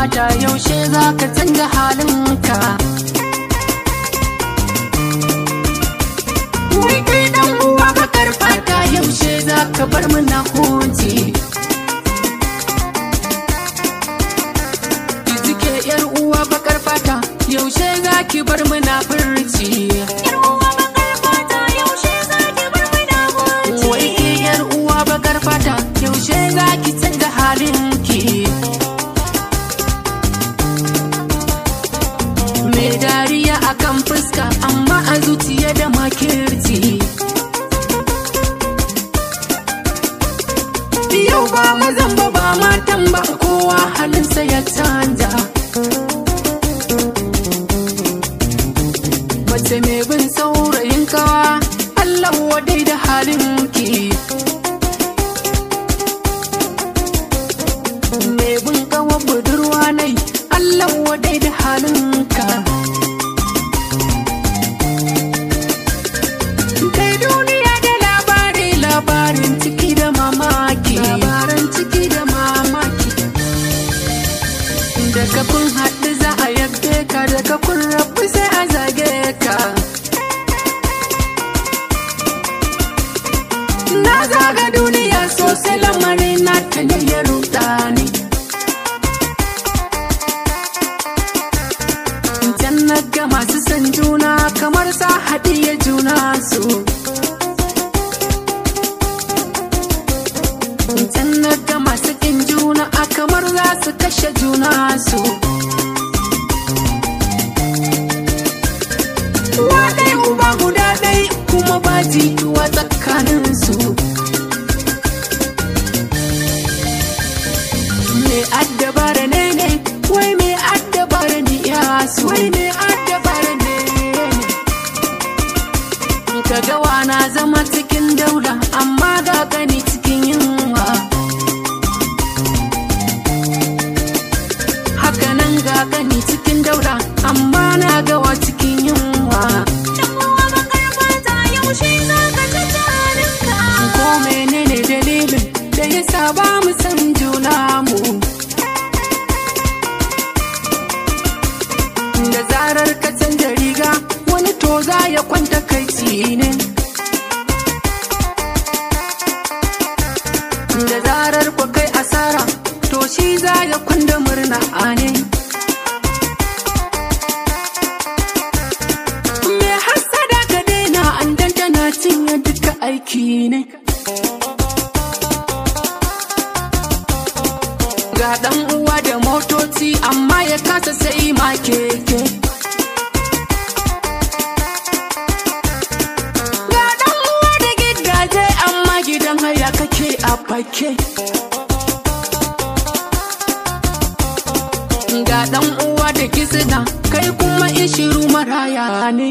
kamata yaushe za ka canza halinka wai kai dan uwa ka fata. yaushe za ka bar mana hunci. ki yar uwa bakar fata yaushe za ki bar mana furci Akan fuska amma a zuciya da makirci yau ba mazan ba ba matan ba kowa halinsa ya canja mace mai bin saurayin kawa Allah wadai da halin ki mai bin kawa budurwa nai Allah wadai da halin ka kun haɗu za a yabge ka daga kun rabu sai a zage ka na zaga duniya sosai lamari na ta ne ya ruɗa ni jannat ga masu san juna kamar sa haɗiye juna su jannat ga masu su kashe juna su uwa ɗaya uba guda ɗaya kuma ba jituwa tsakanin su me addaba da ne ne wai me addaba da ni ya su wai me addaba da ne ne kaga na zama cikin to za ya kwanta kai tsine da zarar ku kai asara to shi za ya kwanda murna a ne me hasada ka daina an dandana cinye duka aiki ne ga dan uwa da motoci amma ya kasa sai ma a fake ga ɗan uwa da kisina kai kuma ishiru maraya ne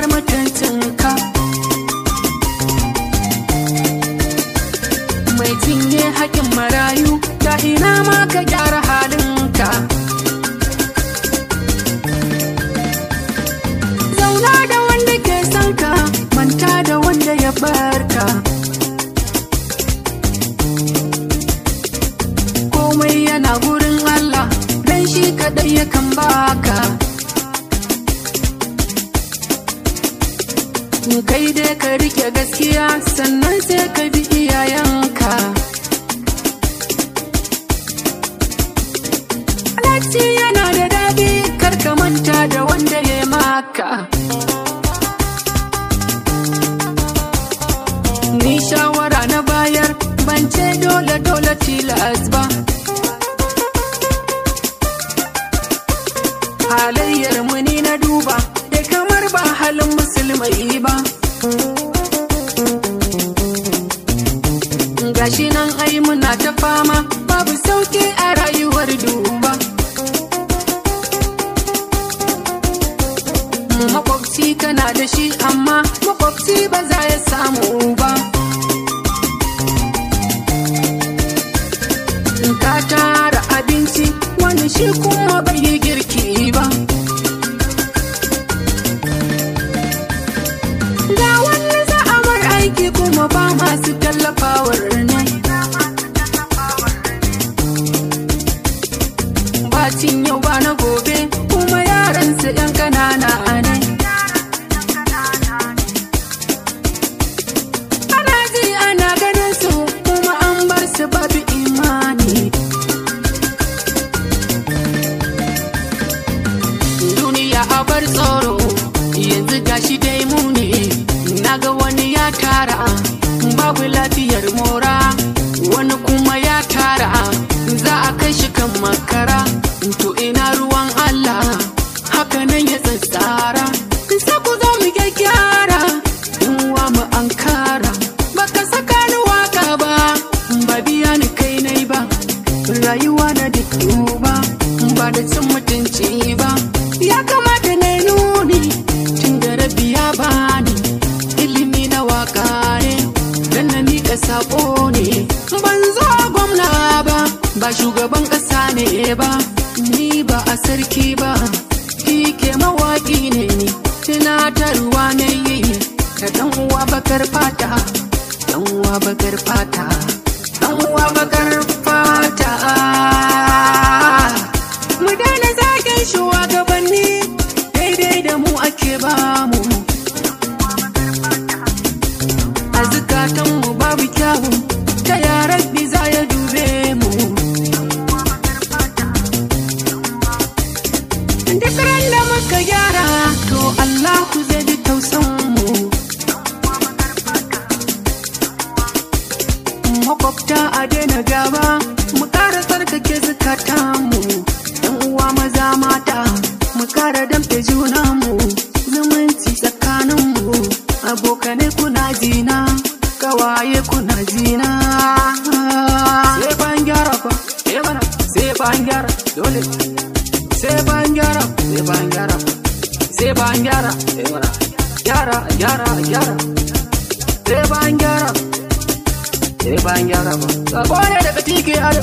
zubar mutuncinka mai cinye haƙin marayu ta ina ma ka gyara kai dai ka rike gaskiya sannan sai ka bi iyayenka Alhaji yana da daɗi kar ka manta da wanda ya maka Ni shawara na bayar ban ce dole dole tilas ba halayyar mu ni na duba da kamar ba halin musulmai gashi nan ai muna ta fama babu sauki a rayuwar duba mm, makwabci kana da shi amma makwabci ba za ya samu ba mm, ka tara abinci wani shi kuma bai yi girki ba ga wani za a za'amar aiki kuma ba masu mora wani kuma ya tara za a kai shi kan makara ba shugaban ƙasa ne ba ni ba a sarki ba ke mawaƙi ne ni tunatarwa na yi ka dan uwa bakar fata dan uwa bakar fata dan uwa bakar fata ma'aikatanmu yan uwa maza mata mu kara damfe junanmu zumunci tsakaninmu abokanai kuna jina kawaye kuna jina sai ban eh gyara fa sai ban gyara dole eh sai ban gyara sai ban gyara sai ban gyara gyara gyara gyara sai ban gyara sai ban gyara ba sabo ne daga tiki ado